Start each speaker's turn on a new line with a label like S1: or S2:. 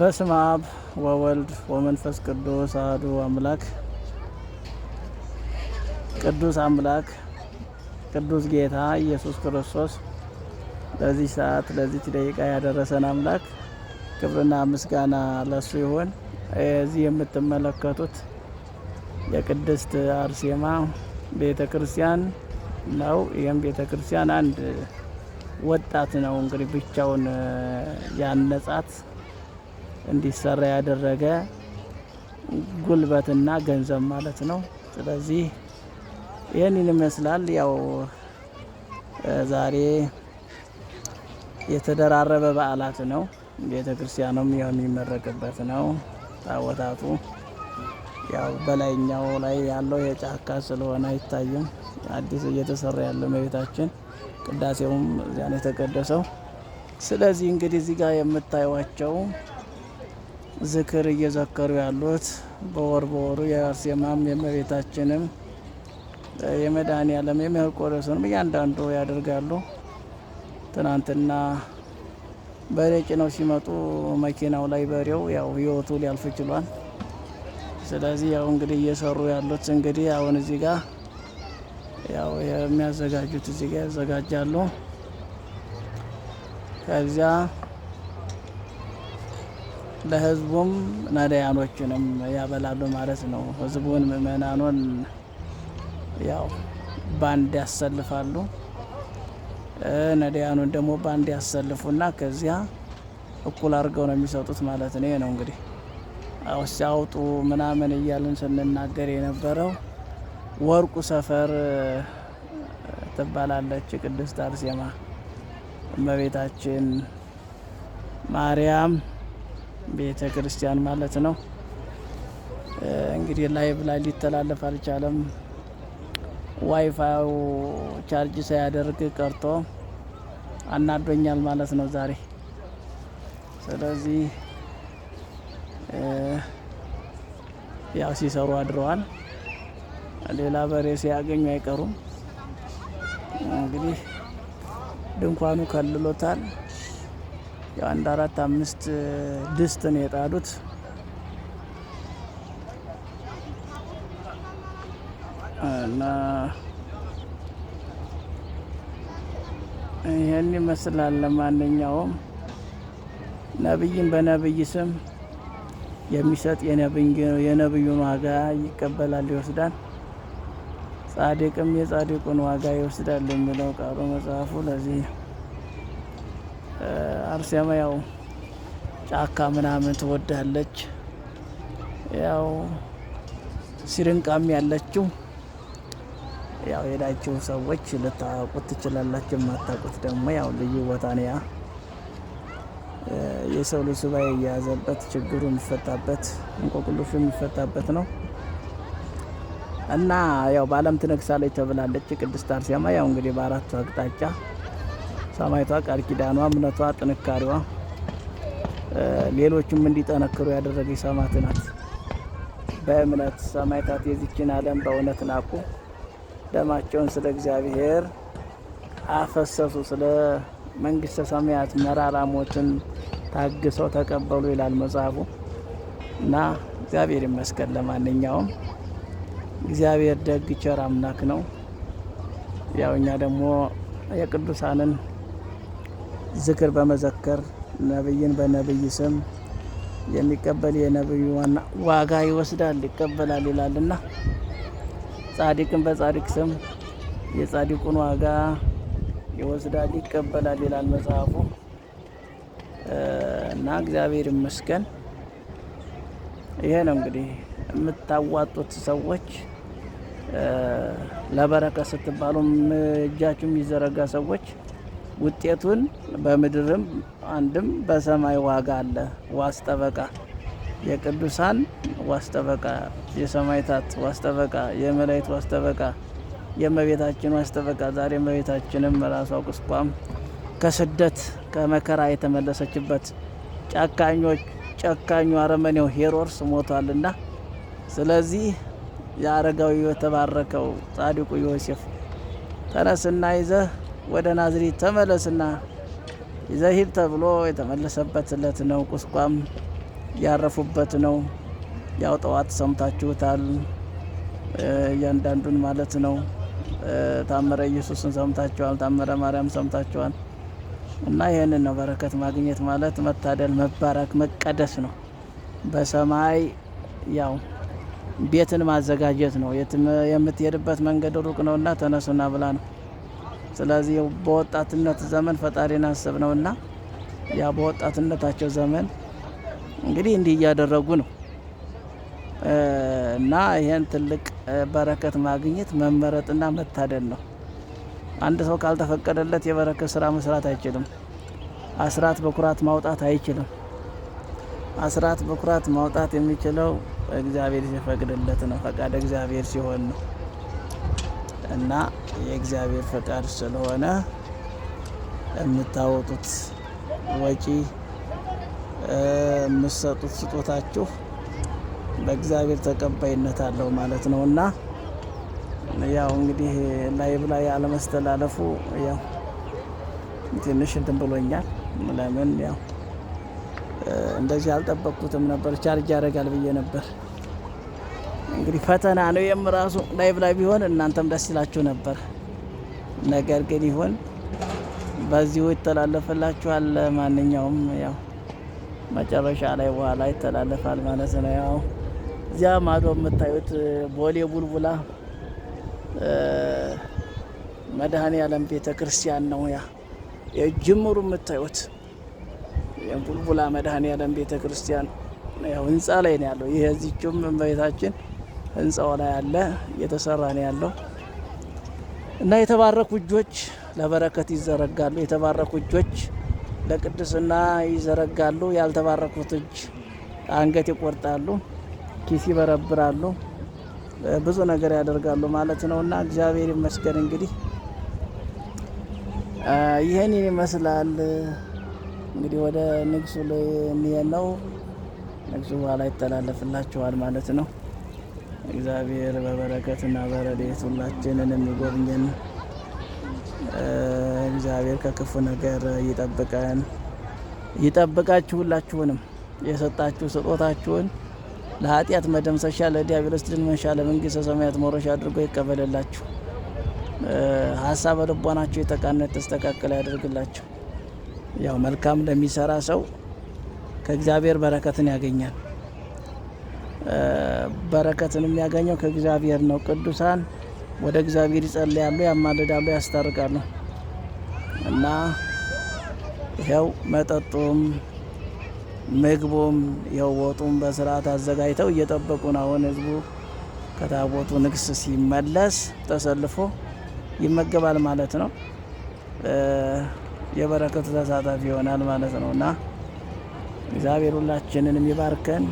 S1: በስመ አብ ወወልድ ወመንፈስ ቅዱስ አሐዱ አምላክ። ቅዱስ አምላክ ቅዱስ ጌታ ኢየሱስ ክርስቶስ ለዚህ ሰዓት ለዚህ ደቂቃ ያደረሰን አምላክ ክብርና ምስጋና ለሱ ይሁን። እዚህ የምትመለከቱት የቅድስት አርሴማ ቤተ ክርስቲያን ነው። ይህም ቤተ ክርስቲያን አንድ ወጣት ነው እንግዲህ ብቻውን ያነጻት እንዲሰራ ያደረገ ጉልበትና ገንዘብ ማለት ነው። ስለዚህ ይህንን ይመስላል። ያው ዛሬ የተደራረበ በዓላት ነው። ቤተ ክርስቲያኑም የሚመረቅበት ነው። ታቦታቱ ያው በላይኛው ላይ ያለው የጫካ ስለሆነ አይታይም። አዲስ እየተሰራ ያለው መቤታችን ቅዳሴውም እዚያ ነው የተቀደሰው። ስለዚህ እንግዲህ እዚህ ጋር የምታዩዋቸው ዝክር እየዘከሩ ያሉት በወር በወሩ የአርሴማም የእመቤታችንም የመድኃኔዓለም የመርቆሬዎስንም እያንዳንዱ ያደርጋሉ። ትናንትና በሬ ጭነው ሲመጡ መኪናው ላይ በሬው ያው ህይወቱ ሊያልፍ ችሏል። ስለዚህ ያው እንግዲህ እየሰሩ ያሉት እንግዲህ አሁን እዚህ ጋር ያው የሚያዘጋጁት እዚህ ጋር ያዘጋጃሉ ከዚያ ለህዝቡም ነዳያኖችንም ያበላሉ ማለት ነው። ህዝቡን ምእመናኑን ያው ባንድ ያሰልፋሉ፣ ነዳያኑን ደግሞ ባንድ ያሰልፉና ከዚያ እኩል አድርገው ነው የሚሰጡት ማለት ነው። ይሄ ነው እንግዲህ ሲያውጡ ምናምን እያልን ስንናገር የነበረው ወርቁ ሰፈር ትባላለች ቅድስት አርሴማ እመቤታችን ማርያም ቤተ ክርስቲያን ማለት ነው። እንግዲህ ላይቭ ላይ ሊተላለፍ አልቻለም። ዋይፋይ ቻርጅ ሳያደርግ ቀርቶ አናዶኛል ማለት ነው ዛሬ። ስለዚህ ያው ሲሰሩ አድረዋል። ሌላ በሬ ሲያገኙ አይቀሩም። እንግዲህ ድንኳኑ ከልሎታል። የአንድ አራት አምስት ነው የጣሉት እና ይህን ይመስላል። ለማንኛውም ነብይን በነብይ ስም የሚሰጥ የነብዩን ዋጋ ይቀበላል፣ ይወስዳል። ጻድቅም የጻድቁን ዋጋ ይወስዳል የሚለው ቃሉ መጽሐፉ ለዚህ ነው። አርሴማ ያው ጫካ ምናምን ትወዳለች። ያው ሲሪንቃም ያለችው ያው ሄዳችሁ ሰዎች ልታውቁት ትችላላችሁ። የማታውቁት ደግሞ ያው ልዩ ቦታ ነው። ያ የሰው ልጅ ሱባኤ የያዘበት ችግሩ የሚፈታበት እንቆቅልሹ የሚፈታበት ነው እና ያው በዓለም ትነግሳለች ተብላለች ቅድስት አርሴማ ያው እንግዲህ በአራቱ አቅጣጫ ሰማይቷ ቃል ኪዳኗ፣ እምነቷ፣ ጥንካሬዋ ሌሎችም እንዲጠነክሩ ያደረገች ሰማዕት ናት። በእምነት ሰማዕታት የዚችን ዓለም በእውነት ናቁ። ደማቸውን ስለ እግዚአብሔር አፈሰሱ። ስለ መንግስተ ሰማያት መራራ ሞትን ታግሰው ተቀበሉ ይላል መጽሐፉ እና እግዚአብሔር ይመስገን። ለማንኛውም እግዚአብሔር ደግ ቸር አምላክ ነው። ያው እኛ ደግሞ የቅዱሳንን ዝክር በመዘከር ነብይን በነብይ ስም የሚቀበል የነብዩ ዋና ዋጋ ይወስዳል ይቀበላል ይላልና ጻድቅን በጻድቅ ስም የጻድቁን ዋጋ ይወስዳል ይቀበላል ይላል መጽሐፉ። እና እግዚአብሔር ይመስገን። ይሄ ነው እንግዲህ የምታዋጡት ሰዎች ለበረከት ስትባሉ እጃችሁ የሚዘረጋ ሰዎች ውጤቱን በምድርም አንድም በሰማይ ዋጋ አለ። ዋስጠበቃ የቅዱሳን ዋስጠበቃ የሰማይታት ዋስጠበቃ የመላይት የመላእክት ዋስ የእመቤታችን ዋስጠበቃ ዛሬ እመቤታችንም ራሷ ቁስቋም ከስደት ከመከራ የተመለሰችበት ጨካኞች ጨካኙ አረመኔው ሄሮድስ ሞቷልና፣ ስለዚህ የአረጋዊ የተባረከው ጻድቁ ዮሴፍ ተነስና ይዘህ ወደ ናዝሬት ተመለስና ይዘሂድ ተብሎ የተመለሰበት እለት ነው። ቁስቋም ያረፉበት ነው። ያው ጠዋት ሰምታችሁታል። እያንዳንዱን ማለት ነው። ታምረ ኢየሱስን ሰምታችኋል። ታምረ ማርያም ሰምታችኋል። እና ይህንን ነው በረከት ማግኘት ማለት መታደል፣ መባረክ፣ መቀደስ ነው። በሰማይ ያው ቤትን ማዘጋጀት ነው። የምትሄድበት መንገድ ሩቅ ነውና ተነሱና ብላ ነው። ስለዚህ በወጣትነት ዘመን ፈጣሪን አስብ እና ያ በወጣትነታቸው ዘመን እንግዲህ እንዲህ እያደረጉ ነው እና ይህን ትልቅ በረከት ማግኘት መመረጥና መታደል ነው። አንድ ሰው ካልተፈቀደለት የበረከት ስራ መስራት አይችልም። አስራት በኩራት ማውጣት አይችልም። አስራት በኩራት ማውጣት የሚችለው እግዚአብሔር ሲፈቅድለት ነው። ፈቃድ እግዚአብሔር ሲሆን ነው እና የእግዚአብሔር ፈቃድ ስለሆነ የምታወጡት ወጪ የምትሰጡት ስጦታችሁ በእግዚአብሔር ተቀባይነት አለው ማለት ነው እና ያው እንግዲህ ላይብ ላይ አለመስተላለፉ ያው ትንሽ እንትን ብሎኛል። ለምን ያው እንደዚህ አልጠበቅኩትም ነበር። ቻርጅ ያደርጋል ብዬ ነበር። እንግዲህ ፈተና ነው። የም ራሱ ላይቭ ላይ ቢሆን እናንተም ደስ ይላችሁ ነበር። ነገር ግን ይሁን በዚሁ ይተላለፍላችኋል። ማንኛውም ያው መጨረሻ ላይ በኋላ ይተላለፋል ማለት ነው። ያው እዚያ ማዶ የምታዩት ቦሌ ቡልቡላ መድኃኔ ዓለም ቤተ ክርስቲያን ነው። ያ የጅምሩ የምታዩት የቡልቡላ መድኃኔ ዓለም ቤተ ክርስቲያን ያው ህንፃ ላይ ነው ያለው። ይህ እዚችም እመቤታችን ህንፃው ላይ አለ እየተሰራ ነው ያለው እና የተባረኩ እጆች ለበረከት ይዘረጋሉ። የተባረኩ እጆች ለቅድስና ይዘረጋሉ። ያልተባረኩት እጅ አንገት ይቆርጣሉ፣ ኪስ ይበረብራሉ፣ ብዙ ነገር ያደርጋሉ ማለት ነው እና እግዚአብሔር ይመስገን እንግዲህ ይህን ይመስላል። እንግዲህ ወደ ንግሱ ላይ ነው። ንግሱ በኋላ ይተላለፍላችኋል ማለት ነው። እግዚአብሔር በበረከትና በረድኤቱ ሁላችንን የሚጎብኝን፣ እግዚአብሔር ከክፉ ነገር ይጠብቀን ይጠብቃችሁ። ሁላችሁንም የሰጣችሁ ስጦታችሁን ለኃጢአት መደምሰሻ ለዲያብሎስ ድል መንሻ ለመንግስተ ሰማያት መውረሻ አድርጎ ይቀበልላችሁ። ሀሳብ ልቦናችሁ የተቃነት ተስተካከለ ያደርግላችሁ። ያው መልካም ለሚሰራ ሰው ከእግዚአብሔር በረከትን ያገኛል። በረከትን የሚያገኘው ከእግዚአብሔር ነው። ቅዱሳን ወደ እግዚአብሔር ይጸልያሉ፣ ያማልዳሉ፣ ያስታርቃሉ እና ይኸው መጠጡም ምግቡም ይኸው ወጡም በስርዓት አዘጋጅተው እየጠበቁ ነው። አሁን ህዝቡ ከታቦቱ ንግስ ሲመለስ ተሰልፎ ይመገባል ማለት ነው። የበረከቱ ተሳታፊ ይሆናል ማለት ነው እና እግዚአብሔር ሁላችንንም ይባርከን።